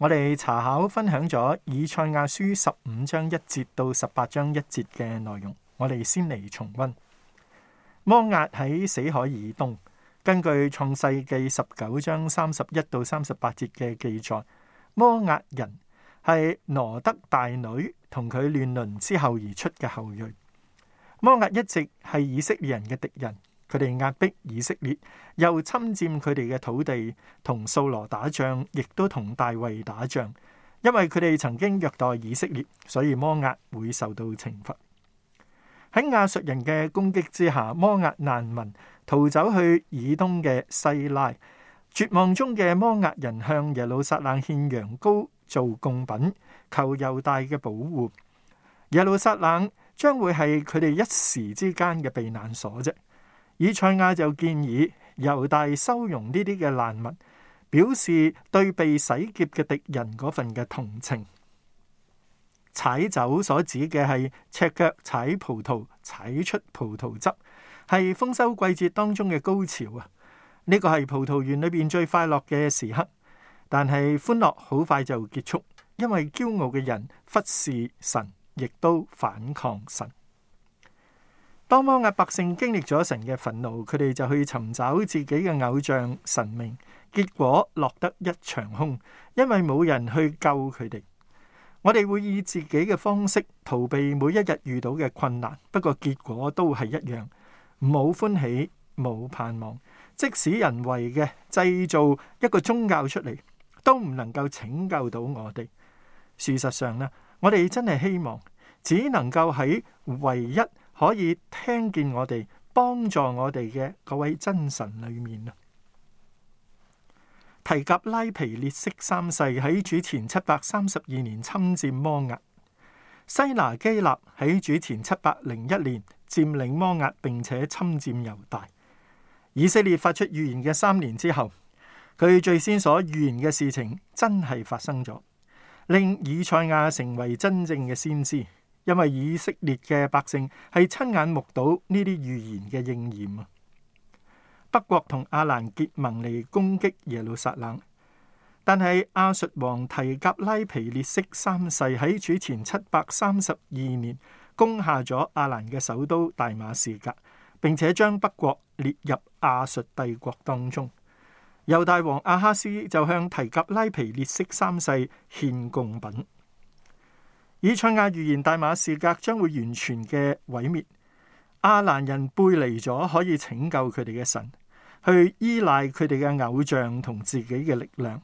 我哋查考分享咗《以賽亞書》十五章一節到十八章一節嘅內容，我哋先嚟重溫。摩押喺死海以東。根據《創世記》十九章三十一到三十八節嘅記載，摩押人係羅德大女同佢亂倫之後而出嘅後裔。摩押一直係以色列人嘅敵人。佢哋壓迫以色列，又侵占佢哋嘅土地，同掃羅打仗，亦都同大衛打仗。因為佢哋曾經虐待以色列，所以摩押會受到懲罰。喺亞述人嘅攻擊之下，摩押難民逃走去以東嘅西拉。絕望中嘅摩押人向耶路撒冷獻羊羔做貢品，求猶大嘅保護。耶路撒冷將會係佢哋一時之間嘅避難所啫。以賽亞就建議猶大收容呢啲嘅難民，表示對被洗劫嘅敵人嗰份嘅同情。踩走所指嘅係赤腳踩葡萄，踩出葡萄汁，係豐收季節當中嘅高潮啊！呢個係葡萄園裏邊最快樂嘅時刻，但係歡樂好快就結束，因為驕傲嘅人忽視神，亦都反抗神。當時嘅百姓經歷咗神嘅憤怒，佢哋就去尋找自己嘅偶像神明，結果落得一場空，因為冇人去救佢哋。我哋會以自己嘅方式逃避每一日遇到嘅困難，不過結果都係一樣，冇歡喜，冇盼望。即使人為嘅製造一個宗教出嚟，都唔能夠拯救到我哋。事實上呢，我哋真係希望只能夠喺唯一。可以聽見我哋幫助我哋嘅嗰位真神裏面啊，提及拉皮列色三世喺主前七百三十二年侵占摩押，西拿基立喺主前七百零一年佔領摩押，並且侵占猶大。以色列發出預言嘅三年之後，佢最先所預言嘅事情真係發生咗，令以賽亞成為真正嘅先知。因為以色列嘅百姓係親眼目睹呢啲預言嘅應驗啊！北國同亞蘭結盟嚟攻擊耶路撒冷，但係亞述王提格拉皮列色三世喺主前七百三十二年攻下咗亞蘭嘅首都大馬士革，並且將北國列入亞述帝國當中。猶大王亞哈斯就向提格拉皮列色三世獻貢品。以賽亞預言大馬士革將會完全嘅毀滅，亞蘭人背離咗，可以拯救佢哋嘅神，去依賴佢哋嘅偶像同自己嘅力量。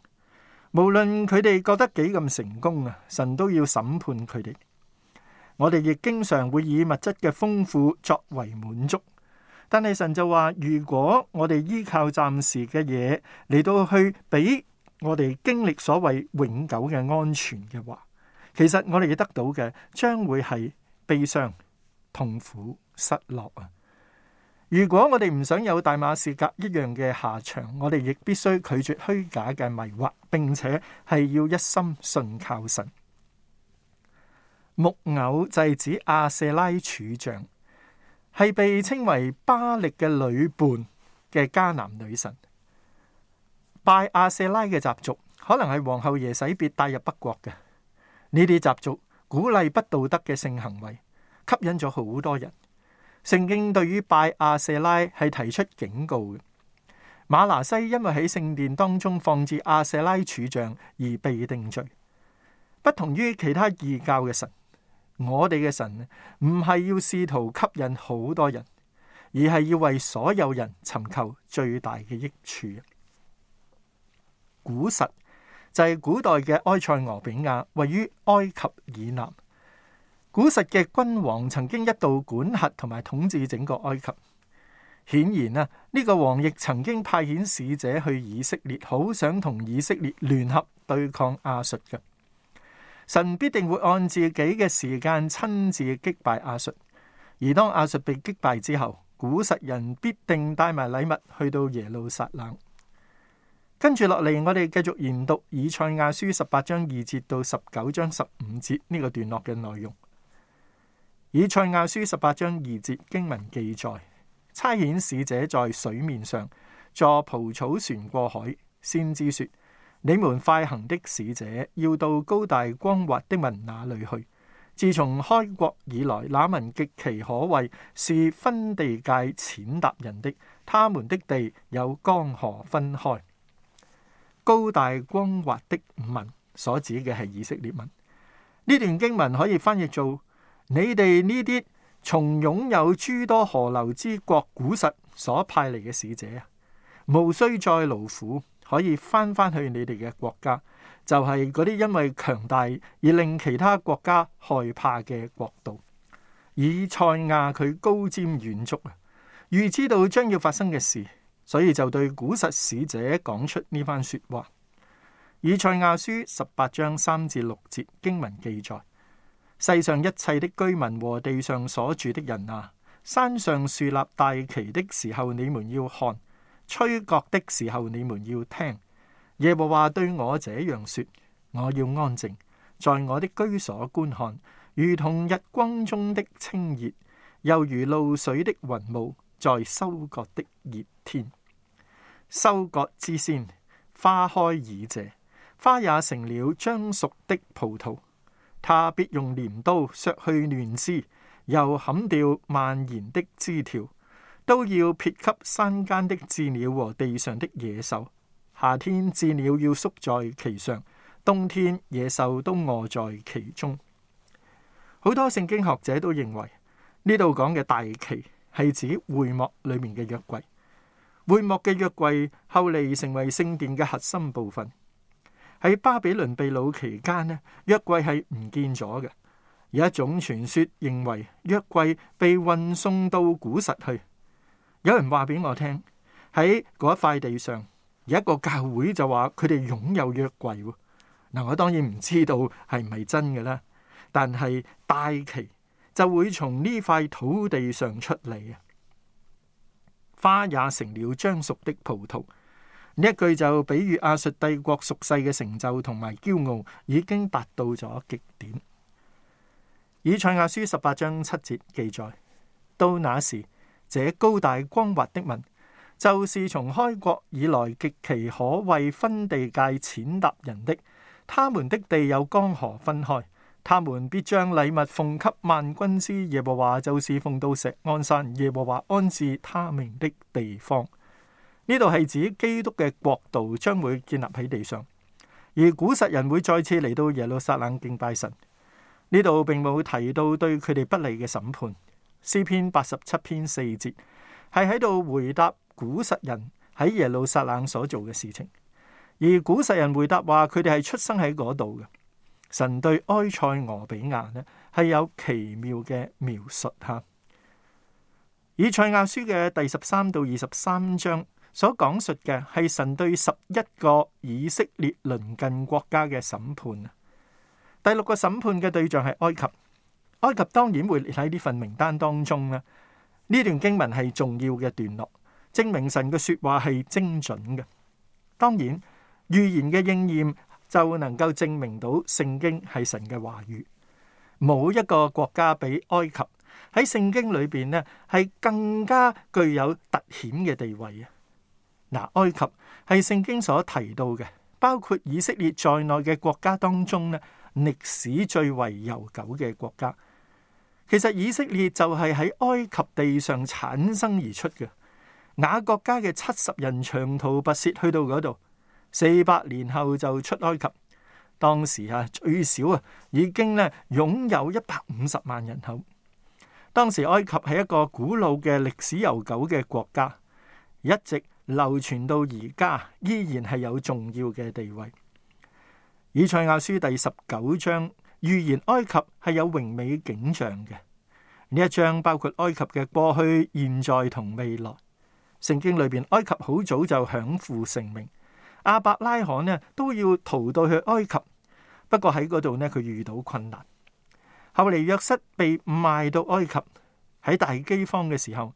無論佢哋覺得幾咁成功啊，神都要審判佢哋。我哋亦經常會以物質嘅豐富作為滿足，但係神就話：如果我哋依靠暫時嘅嘢嚟到去俾我哋經歷所謂永久嘅安全嘅話。其實我哋要得到嘅，將會係悲傷、痛苦、失落啊！如果我哋唔想有大馬士革一樣嘅下場，我哋亦必須拒絕虛假嘅迷惑，並且係要一心信靠神。木偶就指亞舍拉柱像，係被稱為巴力嘅女伴嘅迦南女神。拜亞舍拉嘅習俗，可能係皇后耶洗別帶入北國嘅。呢啲習俗鼓勵不道德嘅性行為，吸引咗好多人。聖經對於拜亞舍拉係提出警告嘅。馬拿西因為喺聖殿當中放置亞舍拉柱像而被定罪。不同於其他異教嘅神，我哋嘅神唔係要試圖吸引好多人，而係要為所有人尋求最大嘅益處。古實。就係古代嘅埃塞俄比亞，位於埃及以南。古實嘅君王曾經一度管轄同埋統治整個埃及。顯然啊，呢、這個王亦曾經派遣使者去以色列，好想同以色列聯合對抗亞述，嘅神必定會按自己嘅時間親自擊敗亞述。而當亞述被擊敗之後，古實人必定帶埋禮物去到耶路撒冷。跟住落嚟，我哋繼續研讀以賽亞書十八章二節到十九章十五節呢個段落嘅內容。以賽亞書十八章二節經文記載：差遣使者在水面上坐蒲草船過海，先知說：你們快行的使者要到高大光滑的民那裏去。自從開國以來，那民極其可畏，是分地界、踐踏人的。他們的地有江河分開。高大光滑的民所指嘅係以色列民。呢段經文可以翻譯做：你哋呢啲從擁有諸多河流之國古實所派嚟嘅使者啊，毋須再勞苦，可以翻翻去你哋嘅國家。就係嗰啲因為強大而令其他國家害怕嘅國度。以賽亞佢高瞻遠矚啊，預知道將要發生嘅事。所以就對古實使者講出呢番說話。以賽亞書十八章三至六節經文記載：世上一切的居民和地上所住的人啊，山上豎立大旗的時候，你們要看；吹角的時候，你們要聽。耶和華對我這樣說：我要安靜，在我的居所觀看，如同日光中的清熱，又如露水的雲霧。在收割的熱天，收割之先，花開已謝，花也成了將熟的葡萄。他必用鐮刀削去嫩枝，又砍掉蔓延的枝條，都要撇給山間的鷙鳥和地上的野獸。夏天，鷙鳥要宿在其上；冬天，野獸都臥在其中。好多聖經學者都認為呢度講嘅大旗。係指會幕裡面嘅約櫃，會幕嘅約櫃後嚟成為聖殿嘅核心部分。喺巴比倫被擄期間咧，約櫃係唔見咗嘅。有一種傳說認為約櫃被運送到古實去。有人話俾我聽，喺嗰一塊地上有一個教會就話佢哋擁有約櫃喎。嗱，我當然唔知道係唔係真嘅啦。但係大其就會從呢塊土地上出嚟啊！花也成了將熟的葡萄。呢一句就比喻亞述帝國屬世嘅成就同埋驕傲已經達到咗極點。以賽亞書十八章七節記載：到那時，這高大光滑的民，就是從開國以來極其可畏分地界踐踏人的，他們的地有江河分開。他們必將禮物奉給萬軍之耶和華，就是奉到錫安山，耶和華安置他名的地方。呢度係指基督嘅國度將會建立喺地上，而古實人會再次嚟到耶路撒冷敬拜神。呢度並冇提到對佢哋不利嘅審判。詩篇八十七篇四節係喺度回答古實人喺耶路撒冷所做嘅事情，而古實人回答話佢哋係出生喺嗰度嘅。神對埃塞俄比亞咧，係有奇妙嘅描述吓。以賽亞書嘅第十三到二十三章所講述嘅係神對十一個以色列鄰近國家嘅審判。第六個審判嘅對象係埃及，埃及當然會喺呢份名單當中啦。呢段經文係重要嘅段落，證明神嘅說話係精準嘅。當然預言嘅應驗，就能夠證明到聖經係神嘅話語，冇一個國家比埃及喺聖經裏邊呢，係更加具有突顯嘅地位啊！埃及係聖經所提到嘅，包括以色列在內嘅國家當中呢，歷史最為悠久嘅國家。其實以色列就係喺埃及地上產生而出嘅雅各家嘅七十人長途跋涉去到嗰度。四百年後就出埃及，當時啊最少啊已經咧擁有一百五十萬人口。當時埃及係一個古老嘅歷史悠久嘅國家，一直流傳到而家依然係有重要嘅地位。以賽亞書第十九章預言埃及係有榮美景象嘅。呢一章包括埃及嘅過去、現在同未來。聖經裏邊埃及好早就享負盛名。阿伯拉罕呢都要逃到去埃及，不過喺嗰度呢佢遇到困難，後嚟約瑟被賣到埃及，喺大饑荒嘅時候，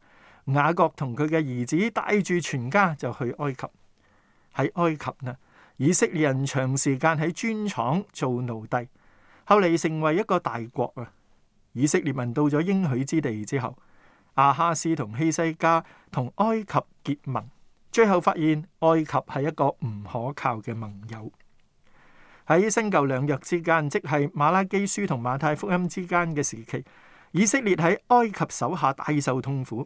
雅各同佢嘅兒子帶住全家就去埃及。喺埃及呢，以色列人長時間喺磚廠做奴隸，後嚟成為一個大國啊！以色列人到咗應許之地之後，亞哈斯同希西家同埃及結盟。最後發現埃及係一個唔可靠嘅盟友。喺新舊兩約之間，即係馬拉基書同馬太福音之間嘅時期，以色列喺埃及手下大受痛苦。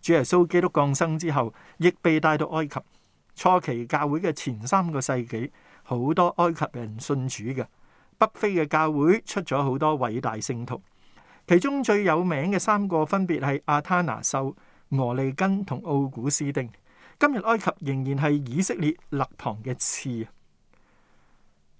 主耶穌基督降生之後，亦被帶到埃及。初期教會嘅前三個世紀，好多埃及人信主嘅。北非嘅教會出咗好多偉大聖徒，其中最有名嘅三個分別係阿他納修、俄利根同奧古斯丁。今日埃及仍然係以色列肋旁嘅刺。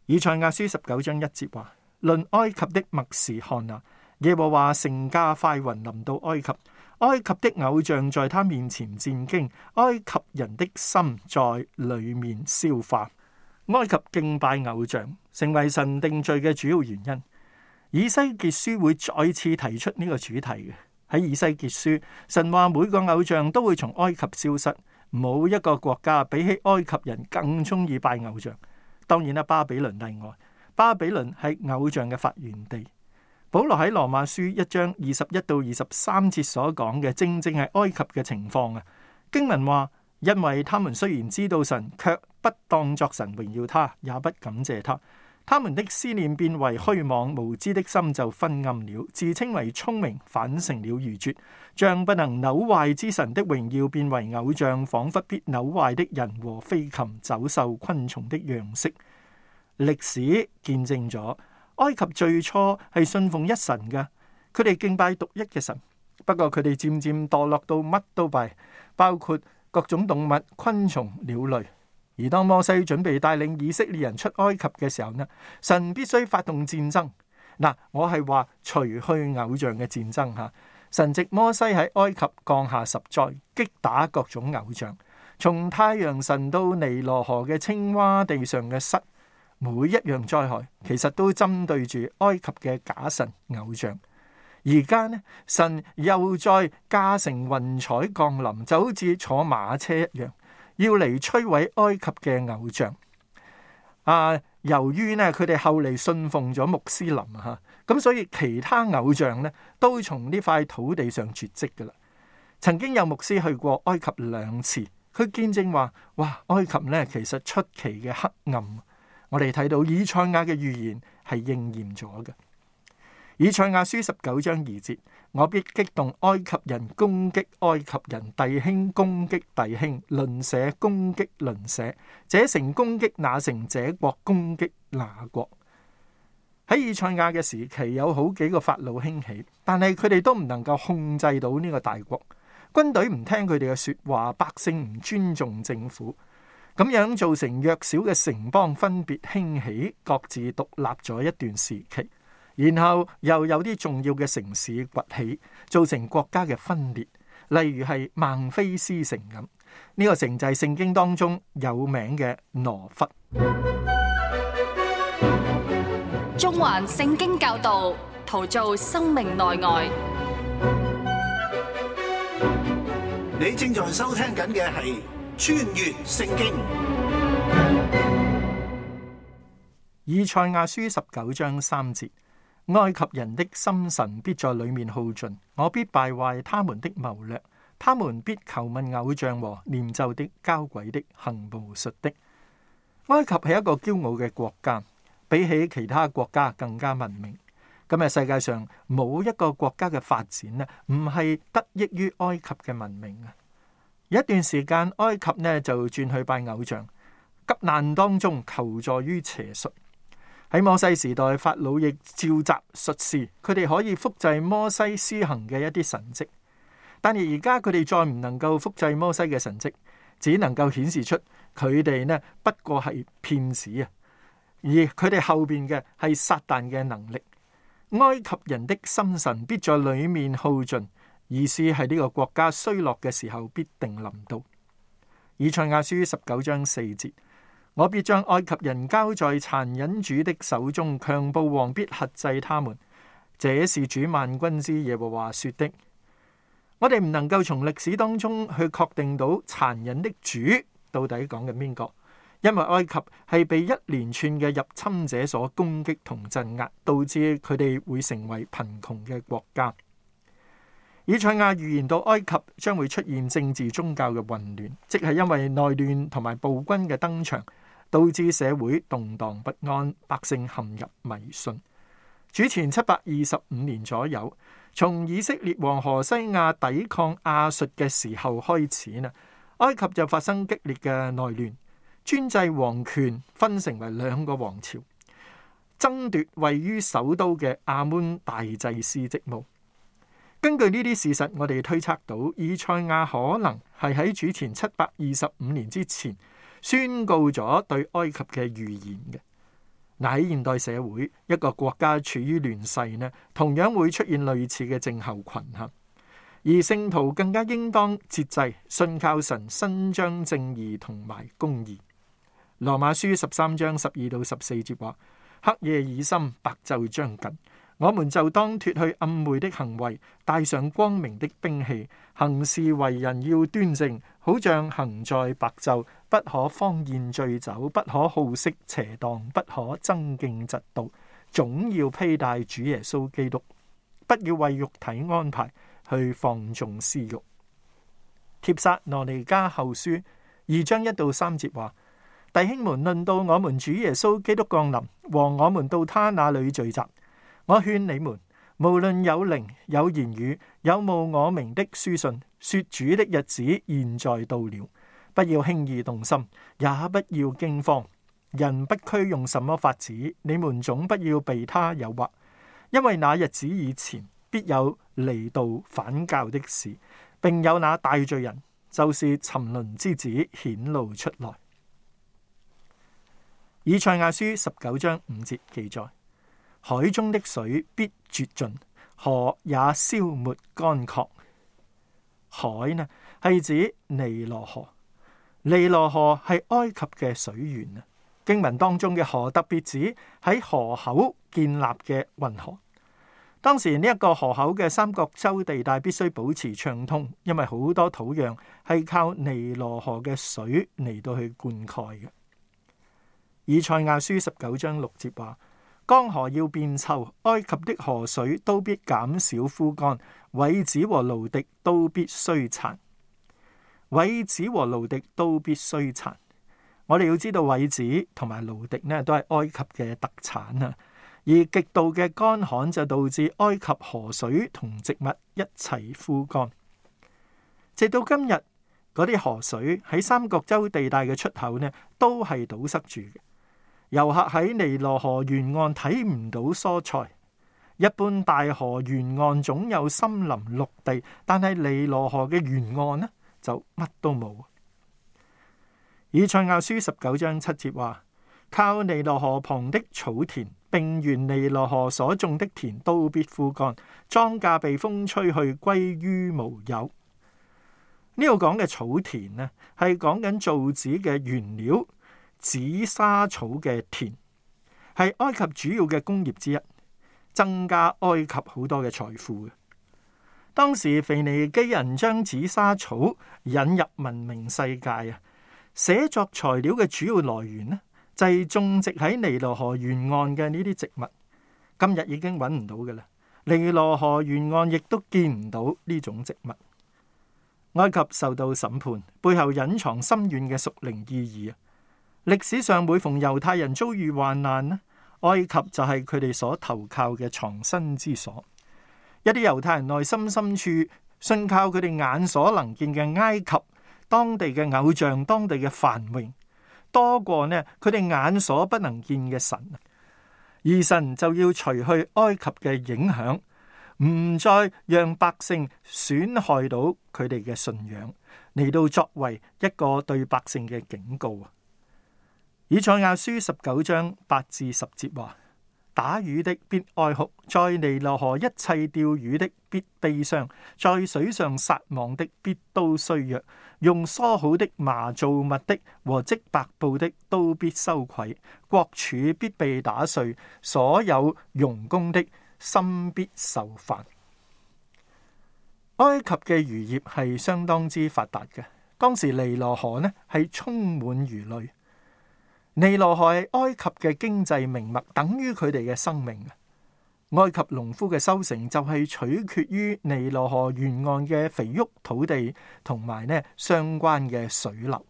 以賽亞書十九章一節話：論埃及的默示，看啊，耶和華聖駕快雲臨到埃及，埃及的偶像在他面前戰驚，埃及人的心在裏面消化。埃及敬拜偶像成為神定罪嘅主要原因。以西結書會再次提出呢個主題嘅喺以西結書，神話每個偶像都會從埃及消失。冇一個國家比起埃及人更中意拜偶像，當然啦，巴比倫例外。巴比倫係偶像嘅發源地。保羅喺羅馬書一章二十一到二十三節所講嘅，正正係埃及嘅情況啊。經文話，因為他們雖然知道神，卻不當作神榮耀他，也不感謝他。他們的思念變為虛妄，無知的心就昏暗了。自稱為聰明，反成了愚拙將不能朽壞之神的榮耀變為偶像，仿佛必朽壞的人和飛禽走獸、昆蟲的樣式。歷史見證咗，埃及最初係信奉一神嘅，佢哋敬拜獨一嘅神。不過佢哋漸漸墮落到乜都拜，包括各種動物、昆蟲、鳥類。而當摩西準備帶領以色列人出埃及嘅時候呢，神必須發動戰爭。嗱，我係話除去偶像嘅戰爭吓，神藉摩西喺埃及降下十災，擊打各種偶像，從太陽神到尼羅河嘅青蛙，地上嘅蝨，每一樣災害其實都針對住埃及嘅假神偶像。而家呢，神又再駕乘雲彩降臨，就好似坐馬車一樣。要嚟摧毀埃及嘅偶像，啊！由於呢，佢哋後嚟信奉咗穆斯林啊，咁所以其他偶像呢，都從呢塊土地上絕迹噶啦。曾經有牧師去過埃及兩次，佢見證話：哇，埃及呢其實出奇嘅黑暗。我哋睇到以賽亞嘅預言係應驗咗嘅。以賽亞書十九章二節：我必激動埃及人攻擊埃及人，弟兄攻擊弟兄，鄰舍攻擊鄰舍，這城攻擊那城，這國攻擊那國。喺以賽亞嘅時期，有好幾個法老興起，但係佢哋都唔能夠控制到呢個大國。軍隊唔聽佢哋嘅說話，百姓唔尊重政府，咁樣造成弱小嘅城邦分別興起，各自獨立咗一段時期。然後又有啲重要嘅城市崛起，造成國家嘅分裂，例如係孟菲斯城咁。呢、這個城就係聖經當中有名嘅挪弗。羅佛中環聖經教導，陶造生命內外。你正在收聽緊嘅係《穿越聖經》。 以賽亞書十九章三節。埃及人的心神必在裏面耗盡，我必敗壞他們的謀略，他們必求問偶像和念咒的交鬼的行巫術的。埃及係一個驕傲嘅國家，比起其他國家更加文明。今日世界上冇一個國家嘅發展呢，唔係得益於埃及嘅文明啊！有一段時間，埃及呢就轉去拜偶像，急難當中求助於邪術。喺摩西時代，法老亦召集術士，佢哋可以複製摩西施行嘅一啲神迹，但係而家佢哋再唔能夠複製摩西嘅神迹，只能夠顯示出佢哋呢不過係騙子啊！而佢哋後邊嘅係撒旦嘅能力，埃及人的心神必在裏面耗盡，意思係呢個國家衰落嘅時候必定臨到。以賽亞書十九章四節。我必將埃及人交在殘忍主的手中，強暴王必轄制他們。這是主萬軍之耶和華說的。我哋唔能夠從歷史當中去確定到殘忍的主到底講緊邊個，因為埃及係被一連串嘅入侵者所攻擊同鎮壓，導致佢哋會成為貧窮嘅國家。以賽亞預言到埃及將會出現政治宗教嘅混亂，即係因為內亂同埋暴君嘅登場。導致社會動盪不安，百姓陷入迷信。主前七百二十五年左右，從以色列王何西亞抵抗亞述嘅時候開始啦，埃及就發生激烈嘅內亂，專制皇權分成為兩個王朝，爭奪位於首都嘅阿蒙大祭司職務。根據呢啲事實，我哋推測到以賽亞可能係喺主前七百二十五年之前，宣告咗對埃及嘅預言嘅。嗱，喺現代社會，一個國家處於亂世呢，同樣會出現類似嘅症候群行，而聖徒更加應當節制，信靠神，伸張正義同埋公義。羅馬書十三章十二到十四節話：黑夜已深，白晝將近，我們就當脫去暗昧的行為，帶上光明的兵器，行事為人要端正。好像行在白晝，不可荒宴醉酒，不可好色邪蕩，不可爭競嫉妒，總要披戴主耶穌基督。不要為肉體安排去放縱私欲。帖撒羅尼加後書二章一到三節話：弟兄們，論到我們主耶穌基督降臨和我們到他那裏聚集，我勸你們。無論有靈有言語，有冒我名的書信，說主的日子現在到了，不要輕易動心，也不要驚慌。人不拘用什麼法子，你們總不要被他誘惑，因為那日子以前必有離道反教的事，並有那大罪人，就是沉淪之子顯露出來。以賽亞書十九章五節記載。海中的水必絕盡，河也消沒乾涸。海呢係指尼羅河，尼羅河係埃及嘅水源啊。經文當中嘅河特別指喺河口建立嘅運河。當時呢一個河口嘅三角洲地帶必須保持暢通，因為好多土壤係靠尼羅河嘅水嚟到去灌溉嘅。以賽亞書十九章六節話。江河要變臭，埃及的河水都必減少枯乾，葦子和蘆荻，都必衰殘，葦子和蘆荻，都必衰殘。我哋要知道葦子同埋蘆荻呢，都係埃及嘅特產啊！而極度嘅乾旱就導致埃及河水同植物一齊枯乾，直到今日嗰啲河水喺三角洲地帶嘅出口呢，都係堵塞住嘅。遊客喺尼羅河沿岸睇唔到蔬菜，一般大河沿岸總有森林綠地，但係尼羅河嘅沿岸呢就乜都冇。以賽亞書十九章七節話：靠尼羅河旁的草田，並沿尼羅河所種的田，都必枯乾，莊稼被風吹去，歸於無有。呢度講嘅草田呢，係講緊造紙嘅原料。紫砂草嘅田係埃及主要嘅工業之一，增加埃及好多嘅財富嘅。當時腓尼基人將紫砂草引入文明世界啊！寫作材料嘅主要來源呢，就係種植喺尼羅河沿岸嘅呢啲植物。今日已經揾唔到嘅啦，尼羅河沿岸亦都見唔到呢種植物。埃及受到審判背後隱藏深遠嘅屬靈意義歷史上每逢猶太人遭遇患難，埃及就係佢哋所投靠嘅藏身之所。一啲猶太人內心深處信靠佢哋眼所能見嘅埃及當地嘅偶像、當地嘅繁榮，多過呢佢哋眼所不能見嘅神。而神就要除去埃及嘅影響，唔再讓百姓損害到佢哋嘅信仰，嚟到作為一個對百姓嘅警告。以賽亞書十九章八至十節話：打魚的必哀哭，在尼羅河一切釣魚的必,必悲傷，在水上撒網的必都衰弱，用梳好的麻造物的和織白布的都必羞愧，國柱必被打碎，所有傭工的心必受煩。埃及嘅漁業係相當之發達嘅，當時尼羅河呢係充滿魚類。尼羅河係埃及嘅經濟命脈，等於佢哋嘅生命。埃及農夫嘅收成就係取決於尼羅河沿岸嘅肥沃土地，同埋呢相關嘅水流。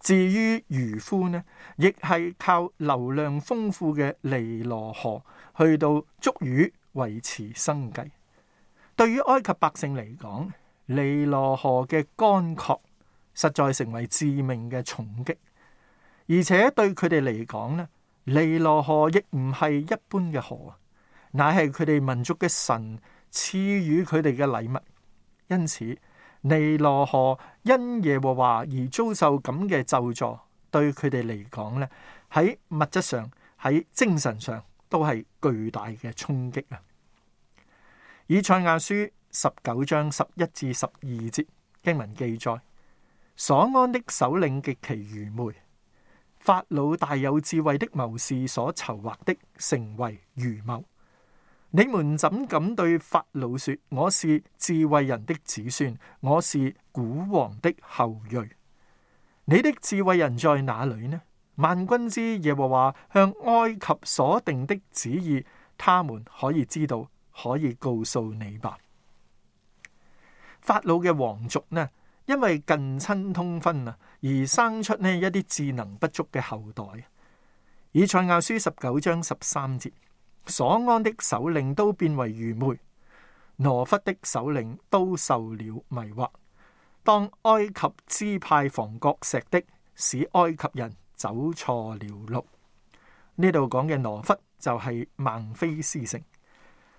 至於漁夫呢，亦係靠流量豐富嘅尼羅河去到捉魚維持生計。對於埃及百姓嚟講，尼羅河嘅乾涸實在成為致命嘅重擊。而且對佢哋嚟講呢，尼羅河亦唔係一般嘅河，乃係佢哋民族嘅神賜予佢哋嘅禮物。因此，尼羅河因耶和華而遭受咁嘅咒詛，對佢哋嚟講呢，喺物質上、喺精神上都係巨大嘅衝擊啊。以賽亞書十九章十一至十二節經文記載：瑣安的首領極其愚昧。法老大有智慧的謀士所籌劃的成為愚謀，你們怎敢對法老說我是智慧人的子孫，我是古王的後裔？你的智慧人在哪裏呢？萬軍之耶和華向埃及所定的旨意，他們可以知道，可以告訴你吧？法老嘅皇族呢？因為近親通婚啊，而生出呢一啲智能不足嘅後代。以賽亞書十九章十三節，瑣安的首領都變為愚昧，挪弗的首領都受了迷惑。當埃及支派防國石的使埃及人走錯了路。呢度講嘅挪弗就係孟菲斯城。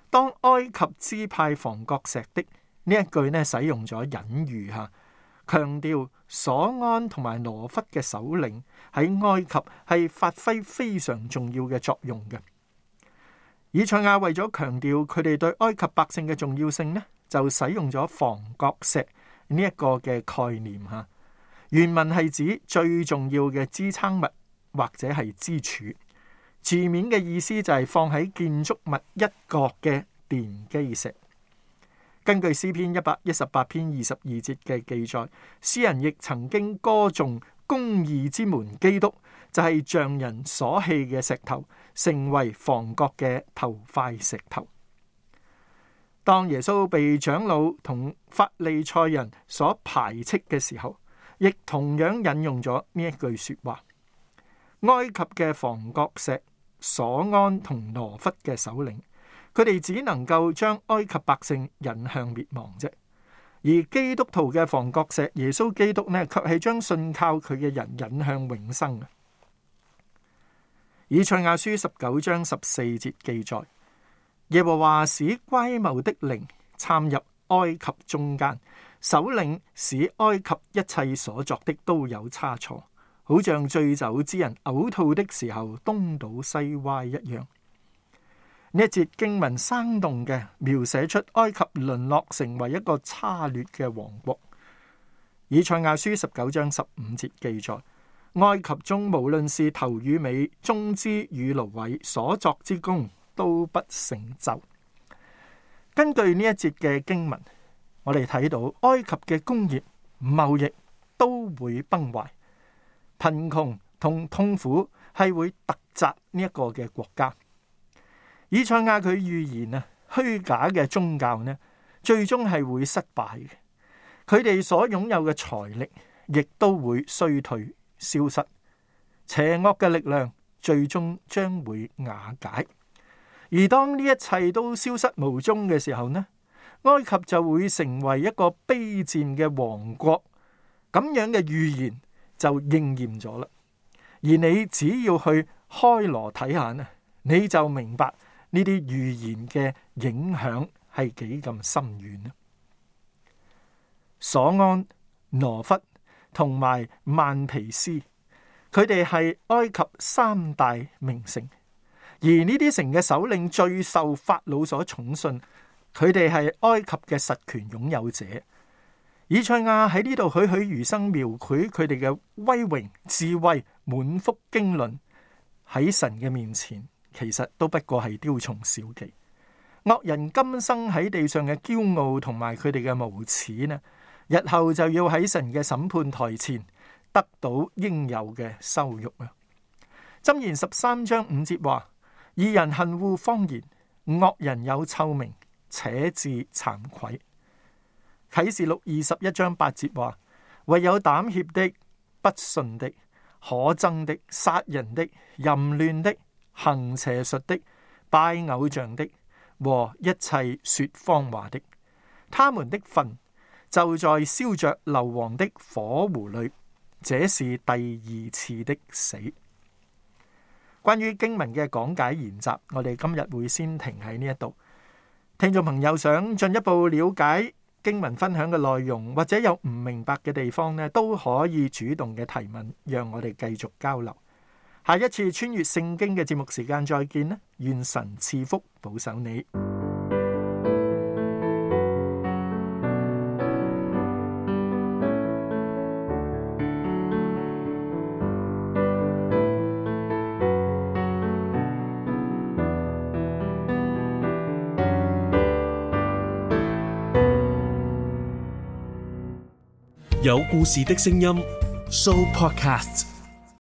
當埃及支派防國石的呢一句呢，使用咗隱喻吓。強調瑣安同埋挪弗嘅首領喺埃及係發揮非常重要嘅作用嘅。以賽亞為咗強調佢哋對埃及百姓嘅重要性呢，就使用咗房角石呢一個嘅概念吓。原文係指最重要嘅支撐物或者係支柱，字面嘅意思就係放喺建築物一角嘅奠基石。根據詩篇一百一十八篇二十二節嘅記載，詩人亦曾經歌頌公義之門基督，就係、是、匠人所棄嘅石頭，成為房角嘅頭塊石頭。當耶穌被長老同法利賽人所排斥嘅時候，亦同樣引用咗呢一句説話：埃及嘅房角石，瑣安同挪弗嘅首領。佢哋只能夠將埃及百姓引向滅亡啫，而基督徒嘅房角石耶穌基督呢，卻係將信靠佢嘅人引向永生。以賽亞書十九章十四節記載：耶和華使乖謬的靈參入埃及中間，首領使埃及一切所作的都有差錯，好像醉酒之人嘔吐的時候東倒西歪一樣。呢一節經文生動嘅描寫出埃及淪落成為一個差劣嘅王國。以賽亞書十九章十五節記載：埃及中無論是頭與尾、棕枝與蘆葦，所作之功都不成就。根據呢一節嘅經文，我哋睇到埃及嘅工業、貿易都會崩壞，貧窮同痛苦係會突襲呢一個嘅國家。以賽亞佢預言啊，虛假嘅宗教呢，最終係會失敗嘅。佢哋所擁有嘅財力，亦都會衰退消失。邪惡嘅力量最終將會瓦解。而當呢一切都消失無蹤嘅時候呢，埃及就會成為一個卑賤嘅王國。咁樣嘅預言就應驗咗啦。而你只要去開羅睇下呢，你就明白。呢啲預言嘅影響係幾咁深遠呢、啊？所安、羅弗同埋曼皮斯，佢哋係埃及三大名城，而呢啲城嘅首領最受法老所寵信，佢哋係埃及嘅實權擁有者。以賽亞喺呢度栩栩如生描繪佢哋嘅威榮、智慧、滿腹經綸喺神嘅面前。其實都不過係雕蟲小技。惡人今生喺地上嘅驕傲同埋佢哋嘅無恥呢，日後就要喺神嘅審判台前得到應有嘅收辱啊。箴言十三章五節話：義人恨惡謊言惡人有臭名，且致慚愧。啟示錄二十一章八節話：唯有膽怯的、不信的、可憎的、殺人的、淫亂的。行邪術的、拜偶像的和一切說謊話的，他們的分就在燒着硫磺的火湖裏。這是第二次的死。關於經文嘅講解研習，我哋今日會先停喺呢一度。聽眾朋友想進一步了解經文分享嘅內容，或者有唔明白嘅地方咧，都可以主動嘅提問，讓我哋繼續交流。下一次穿越聖經嘅節目時間再見呢！願神賜福保守你。有故事的聲音，Sooopodcast。